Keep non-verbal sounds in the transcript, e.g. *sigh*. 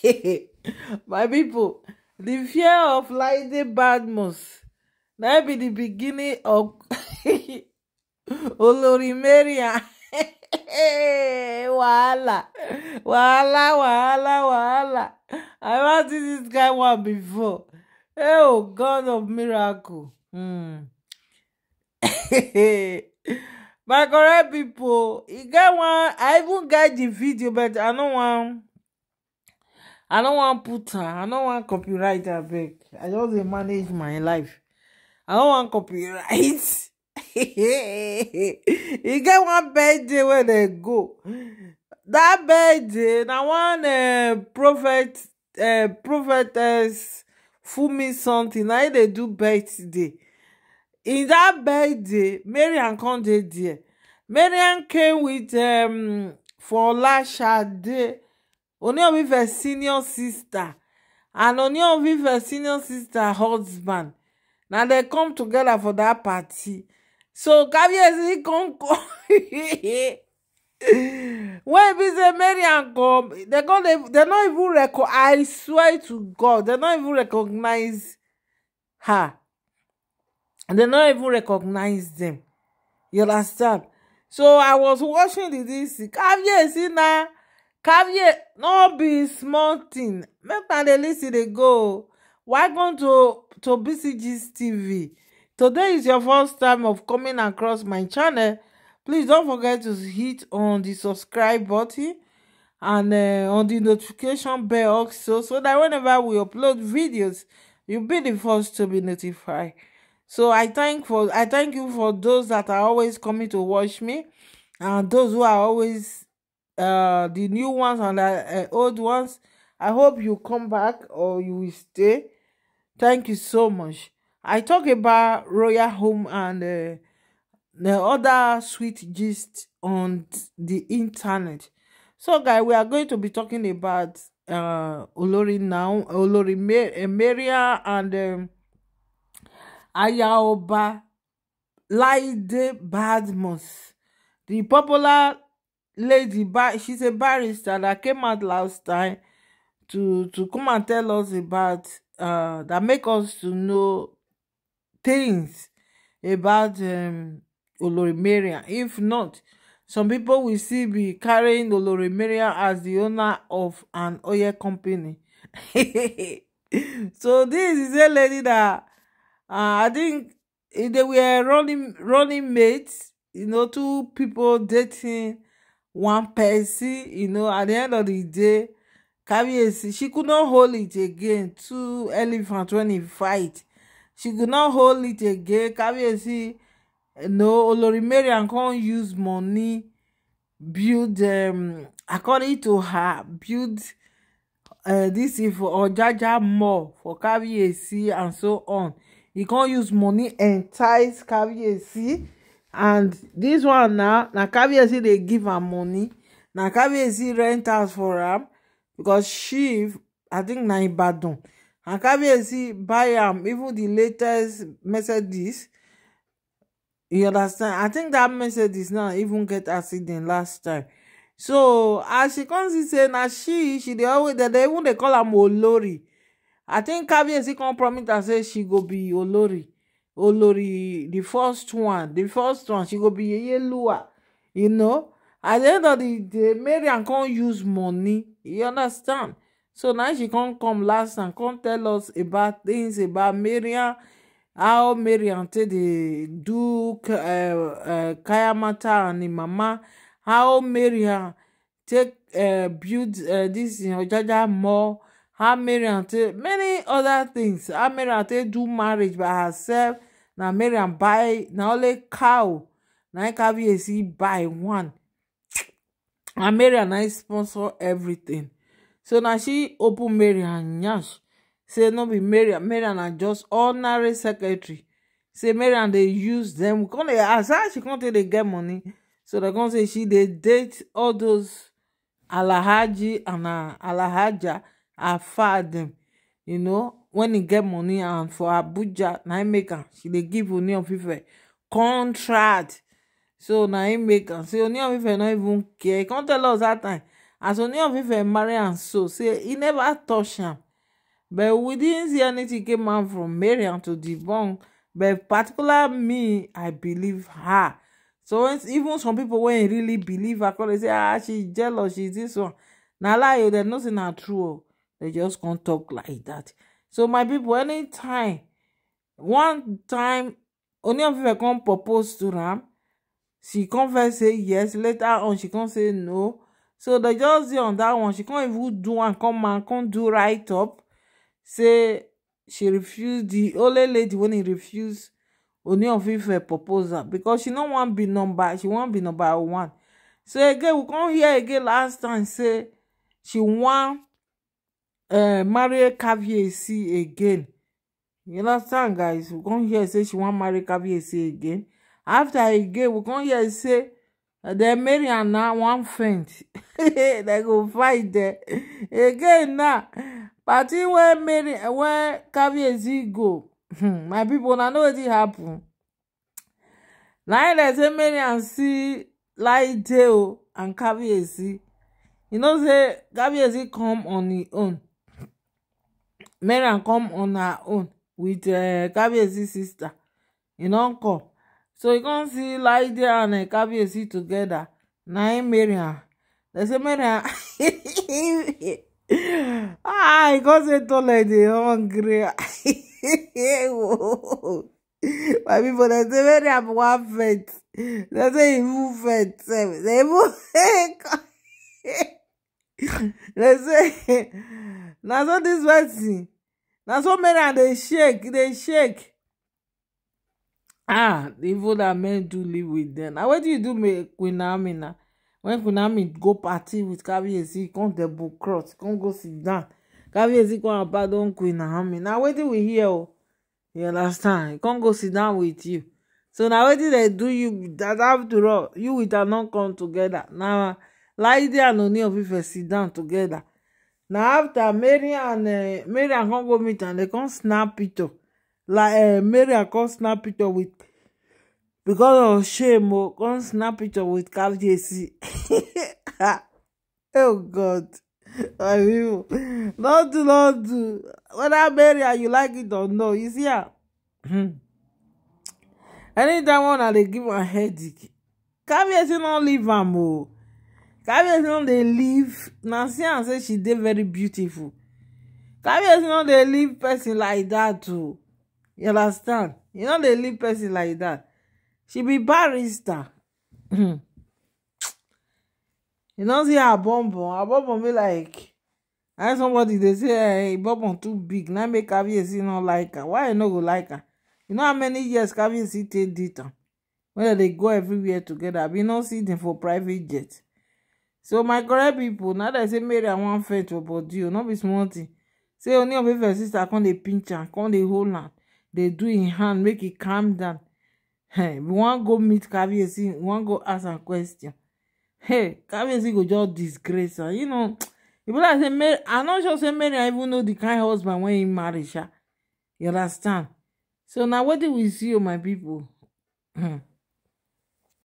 *laughs* my pipo di fear of lying bad mouth na be di beginning of *laughs* olorimeria *laughs* wahala wahala wahala wahala i don see dis guy one before oh god of miracle hmm my correct pipo e get one i even get di video but i no wan i don't want put her. i don't want copyright her back. i just manage my life i don't want copyright You *laughs* e get one birthday where they go That birthday I na one eh, prophet A eh, prophetess fool me something Now they do birthday in that birthday Mary and dey there marian came with um for last olashade Ooni of Ife senior sister and Ooni of Ife senior sister husband Now they come together for that party so Kabiyesi come come wey be say come they come They dem no even reco I swear to God they not even recognize her They not even recognize them. you understand so I was watching the dis Kabiyesi now? caviar no be small thing. make na dey lis ten dey oh. go welcome to to bcgs tv today is your first time of coming across my channel please don't forget to hit on the subscribe button and uh, on the notification bell also so that whenever we upload videos you'll be the first to be notified so i thank for i thank you for those that are always coming to watch me and those who are always Uh, the new ones and the uh, uh, old ones. I hope you come back or you will stay. Thank you so much. I talk about Royal Home and uh, the other sweet gist on the internet. So, guys, we are going to be talking about uh, Olori now, Olori Mer Maria and um, Ayaoba Laide Badmus, the popular lady she's a barrister that came out last time to to come and tell us about uh that make us to know things about um Olori if not some people will still be carrying Olori as the owner of an oil company *laughs* so this is a lady that uh, I think they were running running mates you know two people dating one person you know at the end of the day kabiyesi she could not hold it again two elephants when he fight she could not hold it again kabiyesi see, no olori mariam come use money build um, according to her build uh, this if for ojaja more for see and so on he can't use money entice see and this one na na kabiyesi dey give am money na kabiyesi rent house for am because she i think na ibadan and kabiyesi buy am even the latest mercedes you understand i think that mercedes now even get accident last time so as she come see say na she she dey always dey even dey call am olori i think kabiyesi come promise her say she go be olori olori the first one the first one she go be yeyelua you know at the end of the day mariam con use money you understand so now she con come last and con tell us about things about mariam how mariam take dey do uh, uh, kaya mata and im mama how mariam take uh, build dis ojaja mall how mariam take many other things how mariam take do marriage by herself na mariam buy na only cow na im caviarcy buy one *tsk* na mariam na im sponsor everything so na she open mariam yansh say no be mariam mariam na just ordinary secretary say mariam dey use them. come dey ask how she come take dey get money so dem come say she dey date all those alahaji and alhaja her far dem you know When he get money and for abuja na make am she dey give oni of ife contract so na make am say oni of ife no even care e come tell us that, time as oni of ife marry and so say he never touch him. but we didn't see anything came out from mariam to debunk but particular me i believe her so even some people when really believe her they say ah she jealous she this one na lie there's nothing know say true o just can't talk like that so my people, anytime one time only of you come propose to am she first say yes later on she come say no so the just dey on that one she come even do and come am come do right up say she refuse the only lady when he refuse oni of ife proposal because she no wan be number she wan be number one so again we come hear again last time say she wan uh, marry Kaviesi again. You understand, guys? We come here say she wan marry Kaviesi again. After again, we come here say uh, marry Mary and now one friend they *laughs* go fight there. again now. Party where Mary where Kaviesi go. Hmm, my people, na know wetin happen. Na dem say Mary and see Laide o and Kaviesi. You know say Kaviesi come on him e own. maryam come on her own wit eh, kabiyesi sister in don come so you can see laide and eh, kabiyesi togeda na im maryam dem say maryam *laughs* ah e con say to lady hungry my people they say maryam wan faint dem say e even faint sef dem *laughs* say na so dis person na so mariam dey shake dey shake ah the evil that men do live with dem na wetin you do me queen naomi na wen queen naomi go party with kabiyesi come dey book cross come go sit down kabiyesi come abandon queen naomi na wetin we hear o oh? you understand he come go sit down with you so na wetin dem do you that after all you with her don come together na Láídé and Ooni of Ife sit down together na after mary an come go meet and dem come snap picture like uh, mary an come snap picture with because of shame oo oh, come snap picture with kandiasi *laughs* ha oh god i mean not do not do weda mary her you like it or no you see her hmm. anytime una dey give am headache kandiasi no leave am o. Oh. kabiyesi no dey leave na see am say she did very beautiful kabiyesi no dey leave person like that too. you understand you know dey leave person like that. she be barrister hmm. you no see her bonbon her bonbon be like i somebody they say hey, eh, eh, bonbon too big na make kabiyesi not like her why you no go like her you know how many years kabiyesi take date am when dem dey go everywhere together abi you no see dem for private jet so my correct pipo na dem say mary i want faint for body o no be small thing say onion of her sister come dey pinch am come dey hold am They do in hand make it e calm down hey we want go meet caviarcy we want go ask a question hey caviarcy go just disgrace am you know people be like say mary i not sure say mary i even know the kind husband when he marry her. you understand so now what do we see o oh, my people? Hmm.